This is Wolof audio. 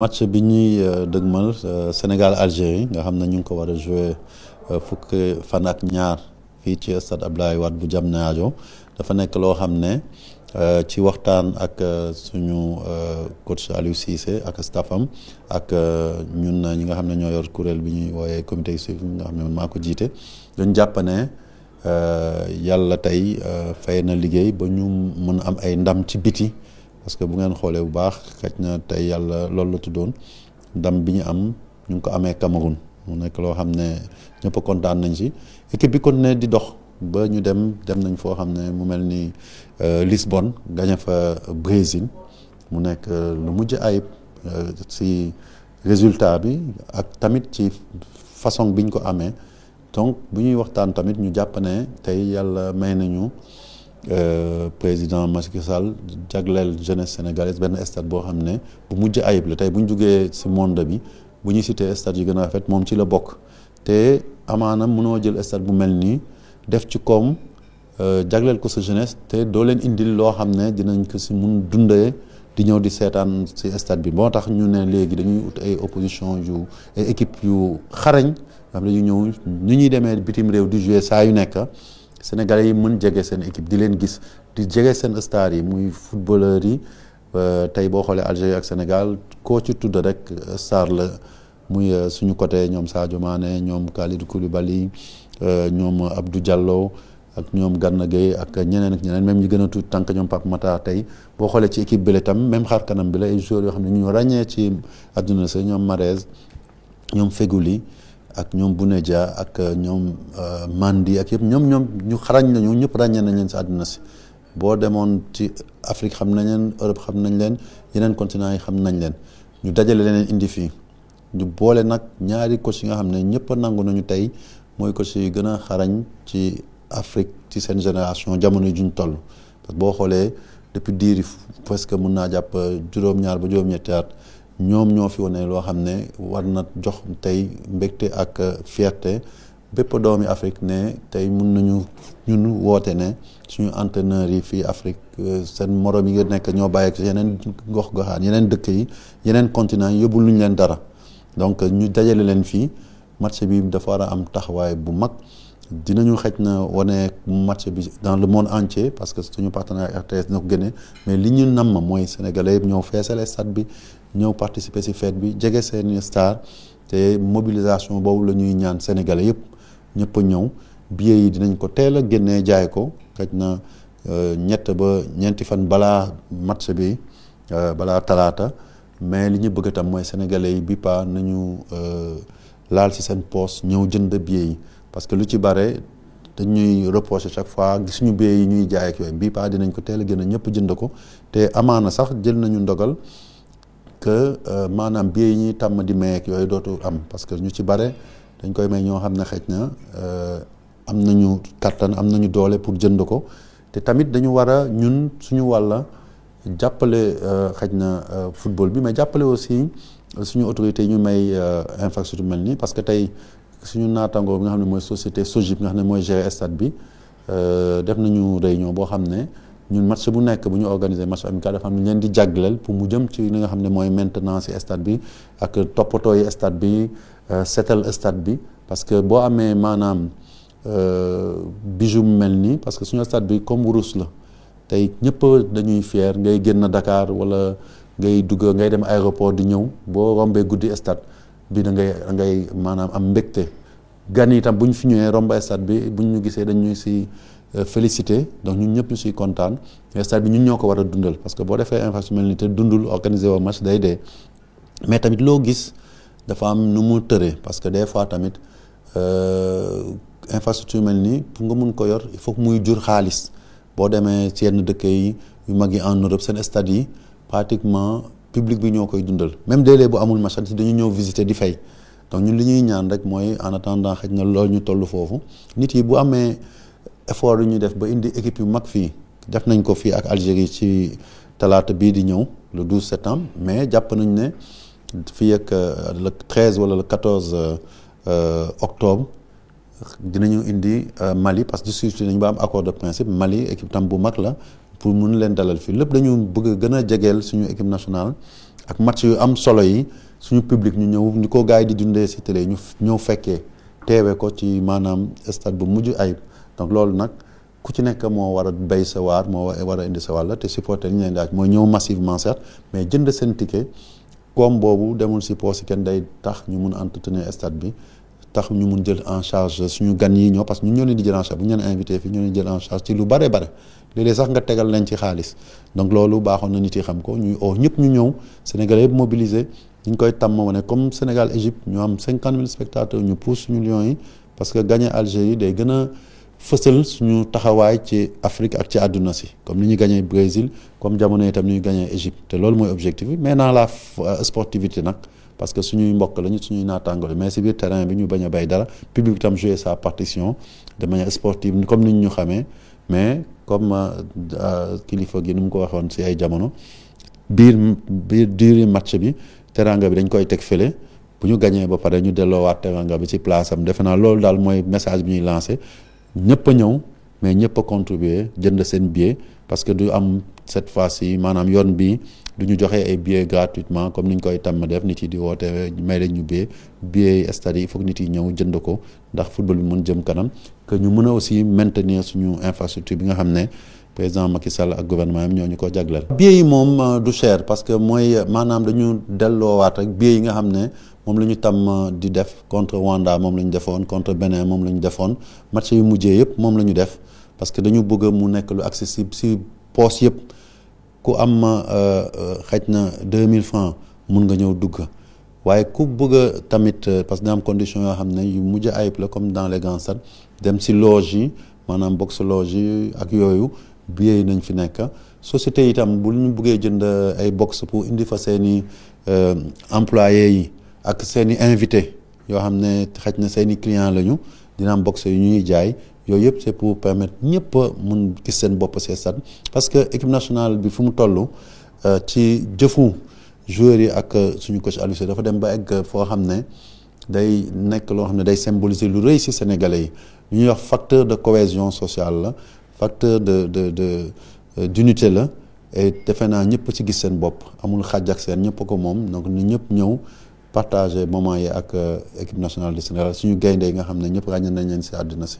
match bi ñuy euh, dëgmal euh, Sénégal Algérie nga xam ne ñu ngi ko war a jouer euh, fukki fan ak ñaar fii ci stade Abdoulaye Wade bu Diamniadio dafa nekk loo xam ne ci waxtaan ak suñu coach Aliou Cissé ak staffam ak ñun na ñi nga xam ne ñoo yor kuréel bi ñuy wooyee comité exécutif nga xam ne man maa ko jiite dañ jàppane ne yàlla tey fay na liggéey ba ñu mën a am ay ndam ci biti parce que bu ngeen xoolee bu baax xaj na tey yàlla loolu la tuddoon ndam bi ñu am ñu ngi ko amee Cameroun mu nekk loo xam ne ñëpp kontaan nañ si équipe bi ne di dox ba ñu dem dem nañ foo xam ne mu mel ni euh, Lisbonne gañe fa Brésil mu nekk euh, lu mujj ayib euh, ci résultat bi ak tamit ci façon biñ ko amee donc bu ñuy waxtaan tamit ñu jàpp ne tey yàlla may nañu. Euh, président Macky Sall jagleel jeunesse sénégalaise benn stade boo xam ne bu mujj ayib la tey bu ñu jugee si monde bi bu ñu cité stade yu gën a rafet moom ci la bokk te amaanam mënoo jël stade bu mel nii def ci koom euh, jagleel ko sa jeunesse te doo leen indil loo xam ne dinañ ko si mun dundee di ñëw di seetaan si state bi boo tax ñu ne léegi dañuy ut ay opposition yu ay yu xarañ xam ne yu ñëw ñu ñuy demee bitim réew di jouer saa yu nekk. Sénégalais yi mën jege seen équipe di leen gis di jege seen star yi muy footballeur yi euh, tey boo xoolee Algérie ak Sénégal koo ci tudd rek euh, star la muy euh, suñu côté ñoom Sadio Mané ñoom Kalidou Koulibaly ñoom Abdou Diallo ak ñoom Gana Gueye ak ñeneen ak ñeneen même ñi gën a tuut tànk ñoom Pape Matar tey boo xoolee ci équipe bi la tam même xaar kanam bi la ay joueurs yoo xam ne ñu ràññee ci àdduna sa ñoom Mahrez ñoom Feghouli ak ñoom Buneja ak euh, ñoom euh, Mandi ak yëpp ñoom ñoom ñu xarañ nañu ñëpp ràññee nañ leen si àdduna si boo demoon ci Afrique xam nañ leen Europe xam nañ leen yeneen continent yi xam nañ leen ñu dajale leneen indi fii ñu boole nag ñaari coach yi nga xam ne ñëpp nangu nañu tey mooy coach si gën a xarañ ci Afrique ci seen génération jamono yi juñ toll parce boo xoolee depuis diir presque mun naa jàpp euh, juróom-ñaar ba juróom-ñetti at ñoom ñoo fi wane loo xam ne war na jox tey mbégte ak euh, fierté bépp doomi Afrique ne tey mun nañu ñun woote ne suñu entraîneurs yi fii Afrique euh, seen morom yi nga nekk ñoo bàyyi ak yeneen gox goxaan yeneen dëkk yi yeneen continent yi yóbbul luñu leen dara donc ñu dajale leen fii match bi dafa war a am taxawaay bu mag dinañu xëj na wane match bi dans le monde entier parce que suñu partenaire RTS na ko génne mais li ñu namm mooy sénégalais yëpp ñëw feesale bi ñëw participer ci fête bi jege seeni star te mobilisation boobu la ñuy ñaan sénégalais yëpp ñëpp ñëw billets yi dinañ ko teel a génnee jaay ko xaj na euh, ñett ba ñeenti fan balaa match bi euh, balaa talaata mais li ñu bëgg a tam mooy sénégalais yi bi pa nañu euh, laal ci seen poos ñëw jënd billets yi parce que lu ci bare dañuy reproché chaque fois suñu billets yi ñuy jaay ak yooyu dinañ ko teel a génne ñëpp jënd ko te amaana sax jël nañu ndogal. que euh, maanaam bi yi ñuy tàmm di mayeeg yooyu dootu am parce que ñu ci bare dañ koy may ñoo xam ne xëj na euh, am na ñu kattan am nañu doole pour jënd ko te tamit dañu war a ñun suñu wàlla jàppale euh, xëj na football bi mais jàppale aussi suñu autorité ñu may infrastructure mel nii parce que tey suñu naataangoo bi nga xam ne mooy société bi nga xam ne mooy gérer stade bi def nañu réunion boo xam ne ñun match bu nekk bu ñu organiser match amical dafa am ñu leen di jagleel pour mu jëm ci li nga xam ne mooy maintenance ci bi ak toppatoo yi stade bi euh, setal stade bi parce que boo amee maanaam euh, bijou mel ni parce que suñu stade bi comme wurus la tey ñëpp dañuy fier ngay génn Dakar wala ngay dugg ngay dem aéroport di ñëw boo rombee guddi stade bi da ngay ngay maanaam am mbégte gan yi tam bu ñu fi ñëwee romb stade bi buñ ñu gisee dañuy si. Euh, félicité donc ñun ñëpp ñu siy kontaan mais stade bi ñun ñoo ko war a dundal parce que boo defee infraction mel ni te dundul organiser woo match day mais tamit loo gis dafa am nu mu tëree parce que des fois tamit euh, infrastructure mel nii pour nga mun ko yor il faut muy jur xaalis boo demee ci yenn dëkk yi yu mag yi en Europe seen stade yi pratiquement public bi ñoo koy dundal même délai bu amul match si dañu ñëw visiter di fay donc ñun li ñuy ñaan rek mooy en attendant xëj na lool ñu toll foofu nit yi bu amee. effort yu ñu def ba indi équipe yu mag fii def nañ ko fii ak Algérie ci talaata bii di ñëw le 12 septembre mais jàpp nañ ne fii ak euh, le 13 wala le 14 euh, octobre dinañu indi euh, Mali parce que surtout nañ ba am accord de principe Mali équipe tam bu mag la pour mun leen dalal fii lépp dañu bëgg a gën a jegeel suñu équipe nationale ak match yu am solo yi suñu public ñu ñëw ñu ko gars yi di dundee si télé ñu ñëw fekkee teewee ko ci maanaam stade bu mujj ayib. donc loolu nag ku ci nekk moo war a béy sa waar moo war a indi sa wàll te supporter ñu leen daaj mooy ñëw massivement certes mais jënd seen ticket koom boobu demul si poos si kenn day tax ñu mun entretenir stade bi tax ñu mun jël en charge suñu gan yi ñoo parce que ñun ñoo leen di ñu leen invité fii ñoo leen jël en charge lu bare bare léeg nga tegal leen ci xaalis donc loolu baaxoon na nit yi xam ko ñuy oo ñëpp ñu ñëw Sénégalais yëpp mobiliser ñu koy tàmm wane comme Sénégal Égypte ñu am cinquante mille spectateurs ñu pousse suñu lion yi parce que gagner Algérie day gën a fësal suñu taxawaay ci Afrique ak ci àdduna si comme ni ñu gagné Brésil comme jamono itam ni ñu gagné Égypte te loolu mooy objectif bi mais dans la euh, sportivité nag parce que suñuy mbokk lañu suñuy naataango mais si biir terrain bi ñu bañ a bay dara public itam jouer sa partition de manière comme ni ñu xamee mais comme euh, euh, kilifa gi ni mu ko waxoon si ay jamono biir biir diiri match bi teranga bi dañ koy teg fële. bu ñu gañee ba pare ñu delloowaat teranga bi ci place am defe naa loolu daal mooy message bi ñuy lancé ñëpp ñëw mais ñëpp a contribuer jënd seen billet parce que du am cette fois-ci maanaam yoon bi du ñu joxe ay billets gratuitement comme ni ñu koy tàmm def nit yi di woote may lañ ñu billet billet stade yi il faut nit yi ñëw jënd ko ndax football bi mën jëm kanam que ñu mën a aussi maintenir suñu infrastructure bi nga xam ne président Macky Sall ak gouvernement am ñoo ñu ko jagleel. billet yi moom euh, du cher parce que mooy maanaam dañu delloowaat rek billet yi nga xam ne. moom la ñu tàmm di def contre wanda moom la ñu defoon contre Bénin moom la ñu defoon match yu mujjee yëpp moom la ñu def parce que dañu bëgg mu nekk lu accessible si poos yëpp ku am euh, euh, xaj na 2000 francs mun nga ñëw dugg waaye ku bëgg tamit euh, parce que dina condition yoo xam ne yu mujj ayib la comme dans les grands stades dem si loge yi maanaam box loge yi ak yooyu bi yi nañ fi nekk société itam bu ñu buggee jënd ay box pour indi fa seeni employé yi ak seen i invité yoo xam ne xëj na seen i client lañu dina am boxe yu ñuy jaay yooyu yëpp c'est pour permettre ñëpp mun gis seen bopp see stade parce que équipe nationale bi fu mu toll euh, ci jëfu joueurs yi ak suñu coach Aliou Cissé dafa dem ba egg foo xam ne day nekk loo xam ne day symboliser lu rëy si Sénégalais yi ñuy wax facteur de cohésion sociale la facteur de de de euh, d'unité la defe naa ñëpp ci gis seen bopp amul xàjj ak seen ñëpp ko moom donc ni ñëpp ñëw partage moment yi ak euh, équipe nationale du Sénégal suñu gaynde yi nga xam ne ñëpp ràññe nañ leen si àddina si